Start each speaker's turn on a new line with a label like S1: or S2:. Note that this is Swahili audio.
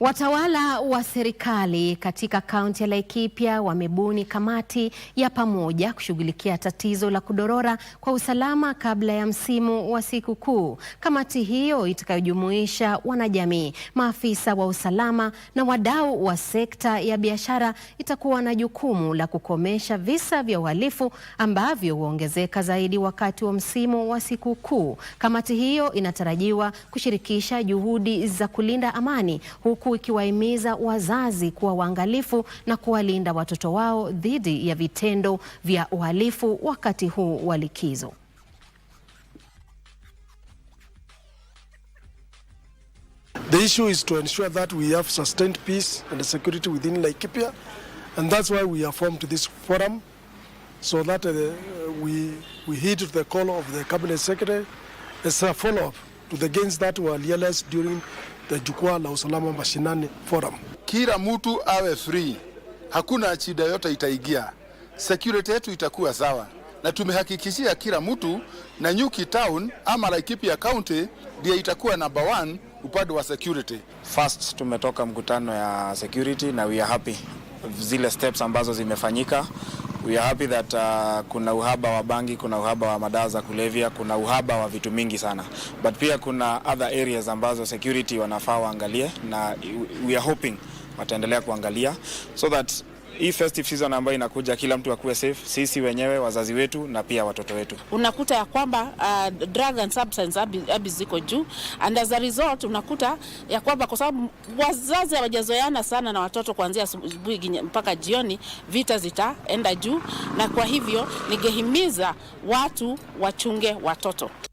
S1: Watawala wa serikali katika kaunti ya Laikipia wamebuni kamati ya pamoja kushughulikia tatizo la kudorora kwa usalama kabla ya msimu wa sikukuu. Kamati hiyo itakayojumuisha wanajamii, maafisa wa usalama na wadau wa sekta ya biashara itakuwa na jukumu la kukomesha visa vya uhalifu ambavyo huongezeka zaidi wakati wa msimu wa sikukuu. Kamati hiyo inatarajiwa kushirikisha juhudi za kulinda amani huku huku ikiwahimiza wazazi kuwa waangalifu na kuwalinda watoto wao dhidi ya vitendo vya uhalifu wakati huu wa likizo.
S2: The issue is to ensure that we have sustained peace and security within Laikipia and that's why we have formed this forum so that uh, we, we heed the call of the cabinet secretary as a follow-up to the gains that were realized during the jukwaa la usalama mashinani forum.
S3: Kila mtu awe free, hakuna shida yote itaingia, security yetu itakuwa sawa, na tumehakikishia kila mtu na Nyuki town ama Laikipia county ndio itakuwa number one upande wa security.
S4: First tumetoka mkutano ya security na we are happy zile steps ambazo zimefanyika. We are happy that uh, kuna uhaba wa bangi, kuna uhaba wa madawa za kulevya, kuna uhaba wa vitu mingi sana, but pia kuna other areas ambazo security wanafaa waangalie, na we are hoping wataendelea kuangalia so that hii festive season ambayo inakuja, kila mtu akuwe safe, sisi wenyewe, wazazi wetu na pia watoto wetu.
S5: Unakuta ya kwamba uh, drug and substance abuse ziko juu and as a result unakuta ya kwamba kwa sababu wazazi hawajazoeana sana na watoto kuanzia asubuhi mpaka jioni, vita zitaenda juu, na kwa hivyo ningehimiza watu wachunge watoto.